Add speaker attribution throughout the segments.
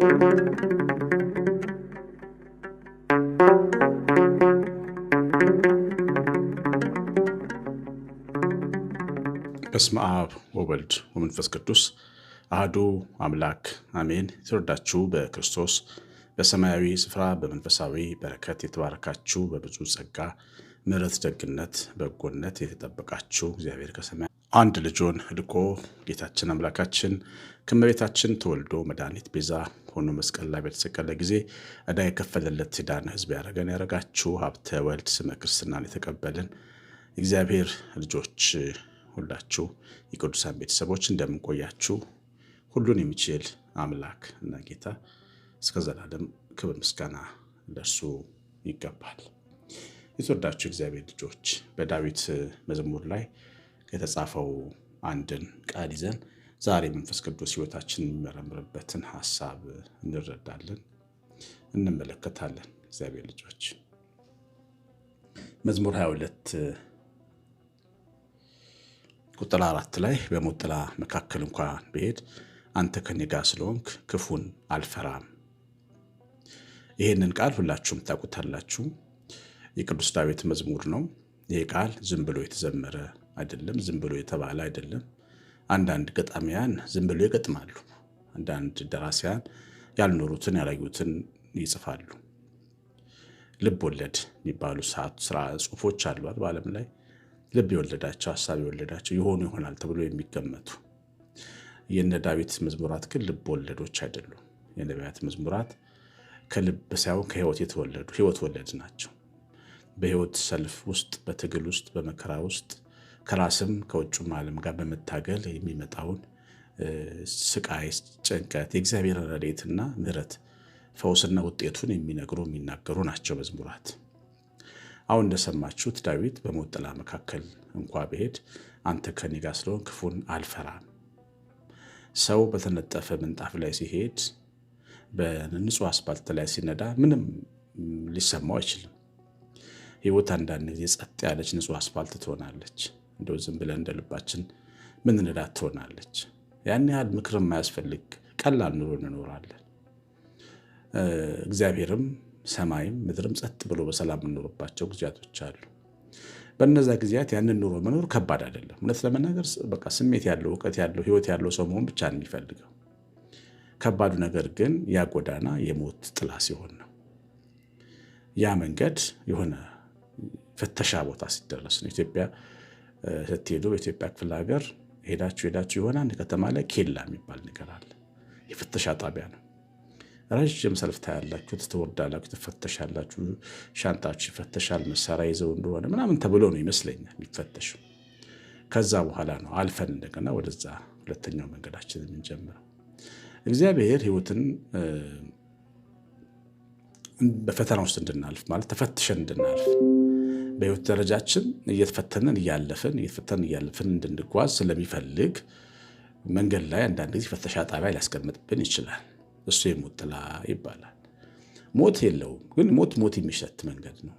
Speaker 1: በስመ አብ ወወልድ ወመንፈስ ቅዱስ አህዱ አምላክ አሜን። የተወደዳችሁ በክርስቶስ በሰማያዊ ስፍራ በመንፈሳዊ በረከት የተባረካችሁ በብዙ ጸጋ ምሕረት፣ ደግነት፣ በጎነት የተጠበቃችሁ እግዚአብሔር ከሰማያ አንድ ልጆን ልኮ ጌታችን አምላካችን ከመቤታችን ተወልዶ መድኃኒት ቤዛ ሆኖ መስቀል ላይ በተሰቀለ ጊዜ እዳ የከፈለለት የዳነ ህዝብ ያደረገን ያደረጋችሁ ሀብተ ወልድ ስመ ክርስትናን የተቀበልን እግዚአብሔር ልጆች ሁላችሁ የቅዱሳን ቤተሰቦች እንደምንቆያችሁ ሁሉን የሚችል አምላክ እና ጌታ እስከ ዘላለም ክብር ምስጋና ለእርሱ ይገባል። የተወዳችሁ እግዚአብሔር ልጆች በዳዊት መዝሙር ላይ የተጻፈው አንድን ቃል ይዘን ዛሬ መንፈስ ቅዱስ ሕይወታችን የሚመረምርበትን ሀሳብ እንረዳለን፣ እንመለከታለን። እግዚአብሔር ልጆች መዝሙር 22 ቁጥር አራት ላይ በሞት ጥላ መካከል እንኳን ብሄድ አንተ ከኔ ጋር ስለሆንክ ክፉን አልፈራም። ይህንን ቃል ሁላችሁም ታውቁታላችሁ። የቅዱስ ዳዊት መዝሙር ነው። ይህ ቃል ዝም ብሎ የተዘመረ አይደለም፣ ዝም ብሎ የተባለ አይደለም። አንዳንድ ገጣሚያን ዝም ብሎ ይገጥማሉ። አንዳንድ ደራሲያን ያልኖሩትን ያላዩትን ይጽፋሉ። ልብ ወለድ የሚባሉ ስራ ጽሁፎች አሏል በዓለም ላይ ልብ የወለዳቸው ሀሳብ የወለዳቸው የሆኑ ይሆናል ተብሎ የሚገመቱ የነ ዳዊት መዝሙራት ግን ልብ ወለዶች አይደሉም። የነቢያት መዝሙራት ከልብ ሳይሆን ከህይወት የተወለዱ ህይወት ወለድ ናቸው። በህይወት ሰልፍ ውስጥ፣ በትግል ውስጥ፣ በመከራ ውስጥ ከራስም ከውጭም ዓለም ጋር በመታገል የሚመጣውን ስቃይ፣ ጭንቀት፣ የእግዚአብሔር ረድኤትና ምሕረት ፈውስና ውጤቱን የሚነግሩ የሚናገሩ ናቸው መዝሙራት። አሁን እንደሰማችሁት ዳዊት በሞት ጥላ መካከል እንኳ ብሄድ አንተ ከኔ ጋር ስለሆን ክፉን አልፈራም። ሰው በተነጠፈ ምንጣፍ ላይ ሲሄድ በንጹህ አስፓልት ላይ ሲነዳ ምንም ሊሰማው አይችልም። ህይወት አንዳንድ ጊዜ ጸጥ ያለች ንጹህ አስፓልት ትሆናለች። እንደው ዝም ብለን እንደ ልባችን ምንንላት ትሆናለች። ያን ያህል ምክር የማያስፈልግ ቀላል ኑሮ እንኖራለን። እግዚአብሔርም ሰማይም ምድርም ጸጥ ብሎ በሰላም የምንኖርባቸው ጊዜያቶች አሉ። በእነዛ ጊዜያት ያንን ኑሮ መኖር ከባድ አይደለም። እውነት ለመናገር በቃ ስሜት ያለው እውቀት ያለው ህይወት ያለው ሰው መሆን ብቻ ነው የሚፈልገው። ከባዱ ነገር ግን ያ ጎዳና የሞት ጥላ ሲሆን ነው። ያ መንገድ የሆነ ፍተሻ ቦታ ሲደረስ ነው። ኢትዮጵያ ስትሄዱ በኢትዮጵያ ክፍለ ሀገር ሄዳችሁ ሄዳችሁ የሆነ አንድ ከተማ ላይ ኬላ የሚባል ነገር አለ። የፍተሻ ጣቢያ ነው። ረዥም ሰልፍ ታያላችሁ፣ ትወርዳላችሁ፣ ትፈተሻላችሁ። ሻንጣችሁ ይፈተሻል፣ መሳሪያ ይዘው እንደሆነ ምናምን ተብሎ ነው ይመስለኛል የሚፈተሽ። ከዛ በኋላ ነው አልፈን እንደገና ወደዛ ሁለተኛው መንገዳችን የምንጀምረው። እግዚአብሔር ህይወትን በፈተና ውስጥ እንድናልፍ ማለት ተፈትሸን እንድናልፍ በህይወት ደረጃችን እየተፈተንን እያለፍን እየተፈተንን እያለፍን እንድንጓዝ ስለሚፈልግ መንገድ ላይ አንዳንድ ጊዜ ፍተሻ ጣቢያ ሊያስቀምጥብን ይችላል። እሱ የሞት ጥላ ይባላል። ሞት የለውም፣ ግን ሞት ሞት የሚሸት መንገድ ነው።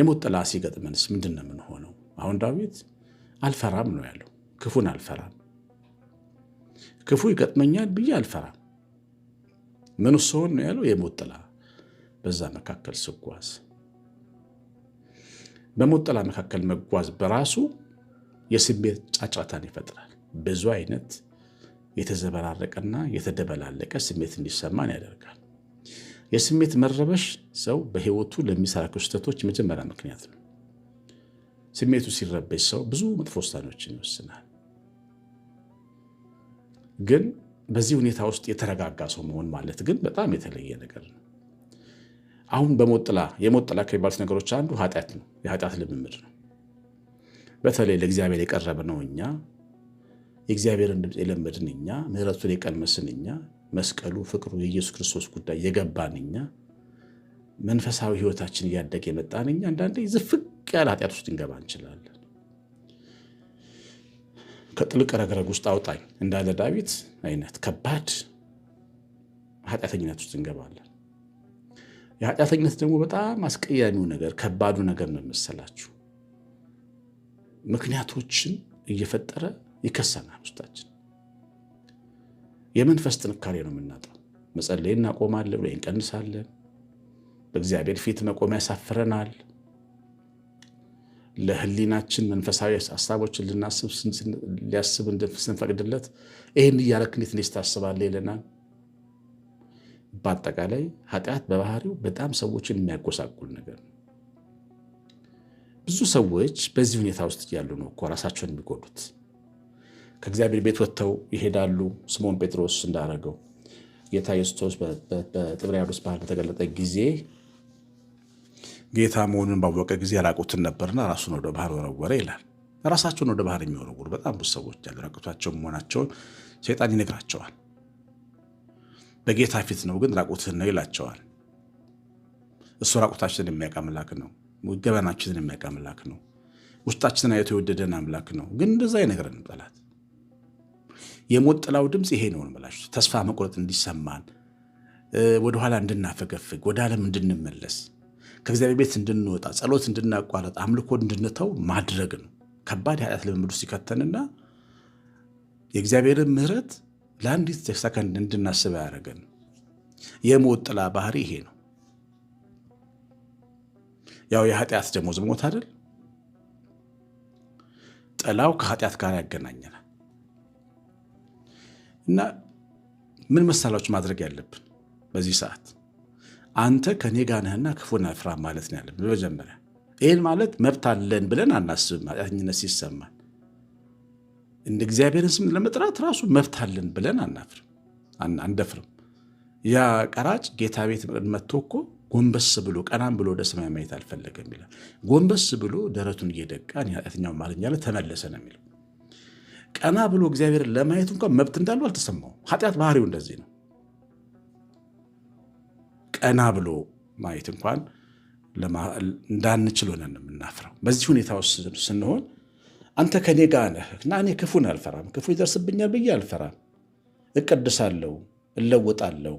Speaker 1: የሞት ጥላ ሲገጥመንስ ምንድን ነው የምንሆነው? አሁን ዳዊት አልፈራም ነው ያለው። ክፉን አልፈራም፣ ክፉ ይገጥመኛል ብዬ አልፈራም። ምን ስሆን ነው ያለው? የሞት ጥላ በዛ መካከል ስጓዝ በሞት ጥላ መካከል መጓዝ በራሱ የስሜት ጫጫታን ይፈጥራል። ብዙ አይነት የተዘበራረቀና የተደበላለቀ ስሜት እንዲሰማን ያደርጋል። የስሜት መረበሽ ሰው በህይወቱ ለሚሰራ ክስተቶች የመጀመሪያ ምክንያት ነው። ስሜቱ ሲረበሽ ሰው ብዙ መጥፎ ውሳኔዎችን ይወስናል። ግን በዚህ ሁኔታ ውስጥ የተረጋጋ ሰው መሆን ማለት ግን በጣም የተለየ ነገር ነው። አሁን በሞጥላ የሞጥላ ከሚባሉት ነገሮች አንዱ ኃጢአት ነው። የኃጢአት ልምምድ ነው። በተለይ ለእግዚአብሔር የቀረብ ነው እኛ የእግዚአብሔርን ድምፅ የለመድን እኛ ምሕረቱን የቀመስን እኛ መስቀሉ፣ ፍቅሩ፣ የኢየሱስ ክርስቶስ ጉዳይ የገባን እኛ መንፈሳዊ ሕይወታችን እያደገ የመጣን እኛ አንዳንዴ ዝፍቅ ያለ ኃጢአት ውስጥ እንገባ እንችላለን። ከጥልቅ ረግረግ ውስጥ አውጣኝ እንዳለ ዳዊት አይነት ከባድ ኃጢአተኝነት ውስጥ እንገባለን። የኃጢአተኝነት ደግሞ በጣም አስቀያሚው ነገር ከባዱ ነገር ነው መሰላችሁ። ምክንያቶችን እየፈጠረ ይከሰናል ውስጣችን። የመንፈስ ጥንካሬ ነው የምናጣው። መጸለይ እናቆማለን ወይ እንቀንሳለን። በእግዚአብሔር ፊት መቆም ያሳፍረናል። ለህሊናችን መንፈሳዊ ሀሳቦችን ልናስብ ሊያስብ ስንፈቅድለት ይህን እያረክ እንዴት እንዴት ታስባለህ ይለናል። በአጠቃላይ ኃጢአት በባህሪው በጣም ሰዎችን የሚያጎሳቁል ነገር ነው። ብዙ ሰዎች በዚህ ሁኔታ ውስጥ እያሉ ነው እኮ ራሳቸውን የሚጎዱት። ከእግዚአብሔር ቤት ወጥተው ይሄዳሉ። ስምዖን ጴጥሮስ እንዳደረገው ጌታ ኢየሱስ ክርስቶስ በጥብርያዶስ ባህር በተገለጠ ጊዜ ጌታ መሆኑን ባወቀ ጊዜ ያራቁትን ነበርና ራሱን ወደ ባህር ወረወረ ይላል። ራሳቸውን ወደ ባህር የሚወረውሩ በጣም ብዙ ሰዎች ያሉ ራቁታቸው መሆናቸውን ሰይጣን ይነግራቸዋል። በጌታ ፊት ነው ግን ራቁትን ነው ይላቸዋል። እሱ ራቁታችንን የሚያውቅ አምላክ ነው። ገበናችንን የሚያውቅ አምላክ ነው። ውስጣችንን አይቶ የወደደን አምላክ ነው። ግን እንደዛ አይነግረንም ጠላት። የሞት ጥላው ድምፅ ይሄ ነው እንላችሁ ተስፋ መቁረጥ እንዲሰማን፣ ወደኋላ እንድናፈገፍግ፣ ወደ ዓለም እንድንመለስ፣ ከእግዚአብሔር ቤት እንድንወጣ፣ ጸሎት እንድናቋረጥ፣ አምልኮ እንድንተው ማድረግ ነው። ከባድ የኃጢአት ልምምዱ ሲከተንና የእግዚአብሔርን ምሕረት ለአንዲት ሰከንድ እንድናስብ ያደረገን የሞት ጥላ ባህሪ ይሄ ነው። ያው የኃጢአት ደሞዝ ሞት አይደል? ጥላው ከኃጢአት ጋር ያገናኘናል እና ምን መሳላዎች ማድረግ ያለብን በዚህ ሰዓት አንተ ከኔ ጋር ነህና ክፉን ማለት ነው ያለብን። በመጀመሪያ ይህን ማለት መብት አለን ብለን አናስብም። ኃጢአተኝነት ሲሰማ እንደ እግዚአብሔርን ስም ለመጥራት ራሱ መብት አለን ብለን አናፍርም አንደፍርም። ያ ቀራጭ ጌታ ቤት መጥቶ እኮ ጎንበስ ብሎ ቀናም ብሎ ወደ ሰማይ ማየት አልፈለገም ይላል። ጎንበስ ብሎ ደረቱን እየደቃ ኃጢአተኛው ማለኛ ላይ ተመለሰ ነው የሚለው። ቀና ብሎ እግዚአብሔር ለማየት እንኳን መብት እንዳለው አልተሰማውም። ኃጢአት ባህሪው እንደዚህ ነው። ቀና ብሎ ማየት እንኳን እንዳንችል ሆነን የምናፍረው በዚህ ሁኔታ ውስጥ ስንሆን አንተ ከኔ ጋር ነህ እና እኔ ክፉን አልፈራም፣ ክፉ ይደርስብኛል ብዬ አልፈራም። እቀድሳለሁ፣ እለወጣለሁ፣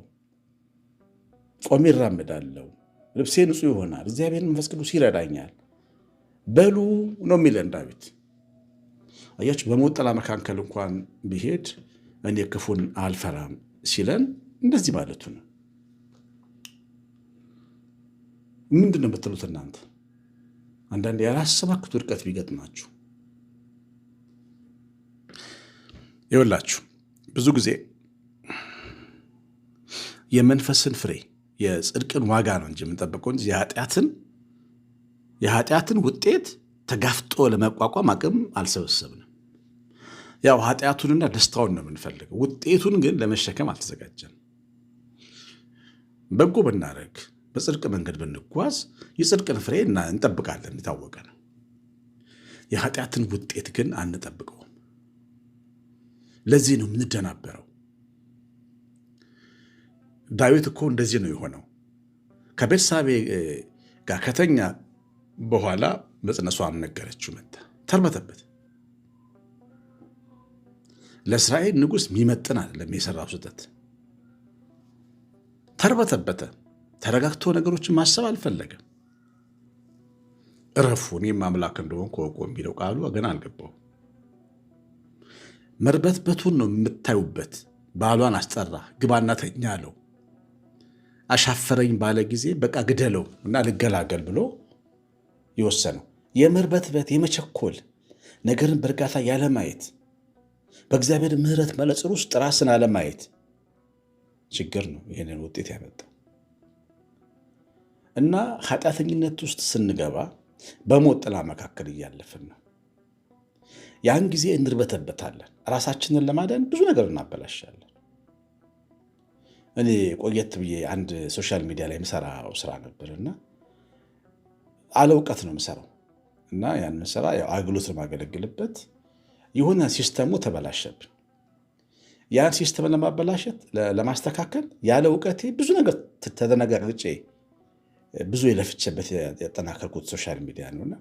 Speaker 1: ቆሜ እራምዳለሁ፣ ልብሴ ንጹሕ ይሆናል፣ እግዚአብሔር መንፈስ ቅዱስ ይረዳኛል በሉ ነው የሚለን ዳዊት። አያችሁ፣ በሞት ጥላ መካከል እንኳን ብሄድ እኔ ክፉን አልፈራም ሲለን እንደዚህ ማለቱ ነው። ምንድን ነው የምትሉት እናንተ? አንዳንድ ያላሰባችሁት ውድቀት ቢገጥማችሁ ይወላችሁ ብዙ ጊዜ የመንፈስን ፍሬ የጽድቅን ዋጋ ነው እንጂ የምንጠብቀው እንጂ የኃጢአትን የኃጢአትን ውጤት ተጋፍጦ ለመቋቋም አቅም አልሰበሰብንም። ያው ኃጢአቱንና ደስታውን ነው የምንፈልገው፣ ውጤቱን ግን ለመሸከም አልተዘጋጀን። በጎ ብናደርግ፣ በጽድቅ መንገድ ብንጓዝ የጽድቅን ፍሬ እንጠብቃለን፣ የታወቀ ነው። የኃጢአትን ውጤት ግን አንጠብቀው። ለዚህ ነው የምንደናበረው። ዳዊት እኮ እንደዚህ ነው የሆነው። ከቤርሳቤ ጋር ከተኛ በኋላ መጽነሷን ነገረችው፣ መታ ተርበተበት። ለእስራኤል ንጉሥ የሚመጥን አይደለም የሰራው ስህተት። ተርበተበተ። ተረጋግቶ ነገሮችን ማሰብ አልፈለገም። እረፉ እኔም አምላክ እንደሆን ከወቆ የሚለው ቃሉ ገና አልገባው መርበትበቱን ነው የምታዩበት። ባሏን አስጠራ፣ ግባና ተኛ አለው። አሻፈረኝ ባለ ጊዜ በቃ ግደለው እና ልገላገል ብሎ የወሰነው የመርበትበት የመቸኮል ነገርን በእርጋታ ያለማየት በእግዚአብሔር ምሕረት መነጽር ውስጥ ራስን አለማየት ችግር ነው ይህንን ውጤት ያመጣው። እና ኃጢአተኝነት ውስጥ ስንገባ በሞት ጥላ መካከል እያለፍን ነው። ያን ጊዜ እንርበተበታለን። ራሳችንን ለማዳን ብዙ ነገር እናበላሻለን። እኔ ቆየት ብዬ አንድ ሶሻል ሚዲያ ላይ የምሰራው ስራ ነበር እና አለ እውቀት ነው የምሰራው እና ያንን ስራ አገልግሎት የማገለግልበት የሆነ ሲስተሙ ተበላሸብን። ያን ሲስተም ለማበላሸት ለማስተካከል ያለ እውቀቴ ብዙ ነገር ተደነጋግጬ ብዙ የለፍቼበት ያጠናከርኩት ሶሻል ሚዲያ ነውና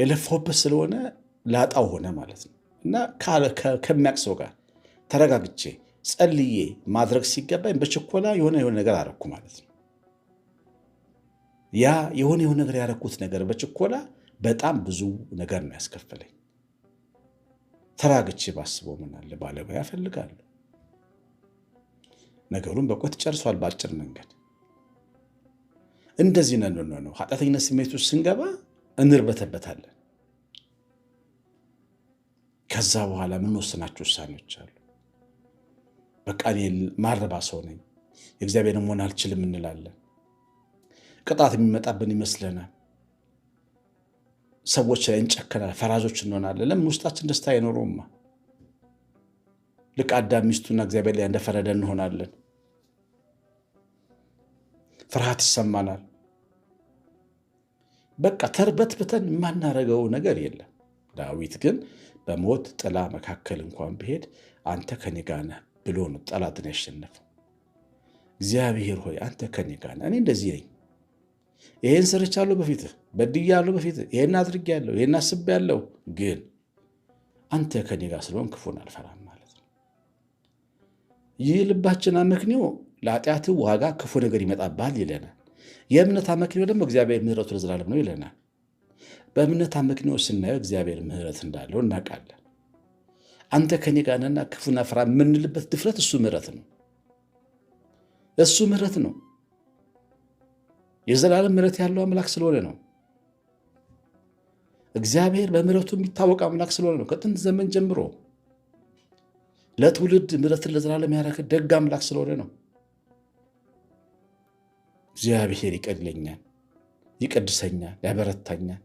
Speaker 1: የለፋውበት ስለሆነ ላጣው ሆነ ማለት ነው እና ከሚያቅ ሰው ጋር ተረጋግቼ ጸልዬ ማድረግ ሲገባኝ በችኮላ የሆነ የሆነ ነገር አረኩ ማለት ነው። ያ የሆነ የሆነ ነገር ያረኩት ነገር በችኮላ በጣም ብዙ ነገር ነው ያስከፈለኝ። ተራግቼ ባስበው ምናለ ባለሙያ እፈልጋለሁ። ነገሩን በቆት ጨርሷል። በአጭር መንገድ እንደዚህ ነው ነው ኃጢአተኝነት ስሜት ውስጥ ስንገባ እንርበተበታለን። ከዛ በኋላ የምንወስናቸው ውሳኔዎች አሉ። በቃ እኔ ማረባ ሰው ነኝ፣ የእግዚአብሔር መሆን አልችልም እንላለን። ቅጣት የሚመጣብን ይመስለናል። ሰዎች ላይ እንጨከናል፣ ፈራጆች እንሆናለን። ለምን ውስጣችን ደስታ አይኖረውማ። ልክ አዳም ሚስቱና እግዚአብሔር ላይ እንደፈረደ እንሆናለን። ፍርሃት ይሰማናል። በቃ ተርበትብተን የማናረገው ነገር የለም። ዳዊት ግን በሞት ጥላ መካከል እንኳን ብሄድ አንተ ከኔ ጋር ነህ ብሎ ነው ጠላትን ያሸነፈው። እግዚአብሔር ሆይ አንተ ከኔ ጋር ነህ፣ እኔ እንደዚህ ነኝ፣ ይህን ሰርቻለሁ፣ በፊትህ በድያለሁ፣ በፊት ይህን አድርጌያለሁ፣ ይህን አስቤያለሁ፣ ግን አንተ ከኔ ጋር ስለሆን ክፉን አልፈራም ማለት ነው። ይህ ልባችን አመክንዮ ለኃጢአትህ ዋጋ ክፉ ነገር ይመጣባል ይለናል። የእምነት አመክንዮ ደግሞ እግዚአብሔር ምሕረቱ ለዘላለም ነው ይለናል። በእምነት አመክንዮ ስናየው እግዚአብሔር ምሕረት እንዳለው እናውቃለን። አንተ ከኔ ጋነና ክፉና ፍራ የምንልበት ድፍረት እሱ ምሕረት ነው። እሱ ምሕረት ነው። የዘላለም ምሕረት ያለው አምላክ ስለሆነ ነው። እግዚአብሔር በምሕረቱ የሚታወቅ አምላክ ስለሆነ ነው። ከጥንት ዘመን ጀምሮ ለትውልድ ምሕረትን ለዘላለም ያደረገ ደግ አምላክ ስለሆነ ነው። እግዚአብሔር ይቀድለኛል፣ ይቀድሰኛል፣ ያበረታኛል።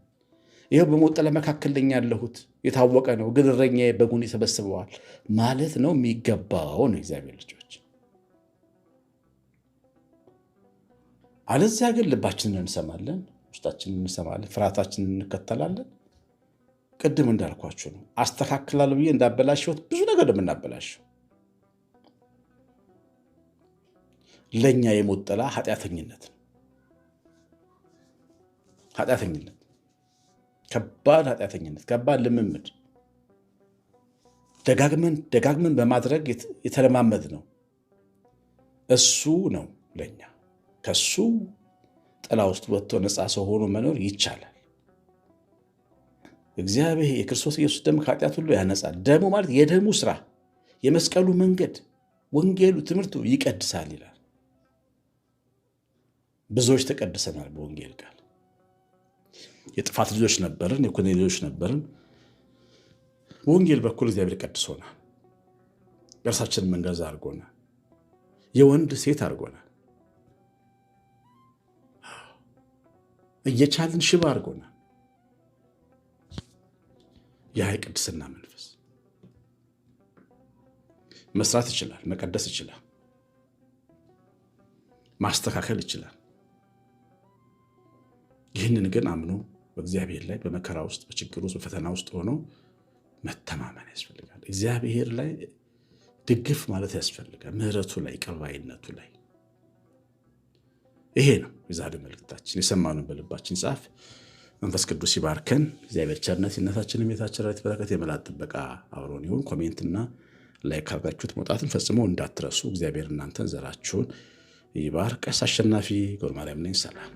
Speaker 1: ይኸው በሞት መካከል ነኝ ያለሁት የታወቀ ነው፣ ግን እረኛዬ በጉን ይሰበስበዋል ማለት ነው የሚገባው ነው። እግዚአብሔር ልጆች፣ አለዚያ ግን ልባችንን እንሰማለን፣ ውስጣችንን እንሰማለን፣ ፍርሃታችንን እንከተላለን። ቅድም እንዳልኳችሁ ነው። አስተካክላለሁ ብዬ እንዳበላሸሁት ብዙ ነገር የምናበላሸው ለእኛ የሞጠላ ኃጢአተኝነት ነው። ኃጢአተኝነት ከባድ ኃጢአተኝነት፣ ከባድ ልምምድ ደጋግመን ደጋግመን በማድረግ የተለማመድ ነው። እሱ ነው ለኛ። ከሱ ጥላ ውስጥ ወጥቶ ነፃ ሰው ሆኖ መኖር ይቻላል። እግዚአብሔር የክርስቶስ ኢየሱስ ደም ከኃጢአት ሁሉ ያነጻል። ደሙ ማለት የደሙ ስራ፣ የመስቀሉ መንገድ፣ ወንጌሉ፣ ትምህርቱ ይቀድሳል ይላል። ብዙዎች ተቀድሰናል በወንጌል ቃል የጥፋት ልጆች ነበርን፣ የኩነኔ ልጆች ነበርን። ወንጌል በኩል እግዚአብሔር ቀድሶናል። የራሳችንን መንገዛ አድርጎናል። የወንድ ሴት አድርጎናል። እየቻልን ሽባ አድርጎናል። የሀይ ቅድስና መንፈስ መስራት ይችላል፣ መቀደስ ይችላል፣ ማስተካከል ይችላል። ይህንን ግን አምኖ በእግዚአብሔር ላይ በመከራ ውስጥ፣ በችግር ውስጥ፣ በፈተና ውስጥ ሆኖ መተማመን ያስፈልጋል። እግዚአብሔር ላይ ድግፍ ማለት ያስፈልጋል። ምሕረቱ ላይ ቀባይነቱ ላይ ይሄ ነው የዛሬ መልእክታችን። የሰማኑን በልባችን ጻፍ። መንፈስ ቅዱስ ይባርከን። እግዚአብሔር ቸርነት ይነታችን የሜታችን የታቸራት በረከት የመላት ጥበቃ አብሮን ይሁን። ኮሜንትና ላይክ አድርጋችሁት መውጣትን ፈጽሞ እንዳትረሱ። እግዚአብሔር እናንተን ዘራችሁን ይባርክ። ቀሲስ አሸናፊ ገብረማርያም ነኝ። ሰላም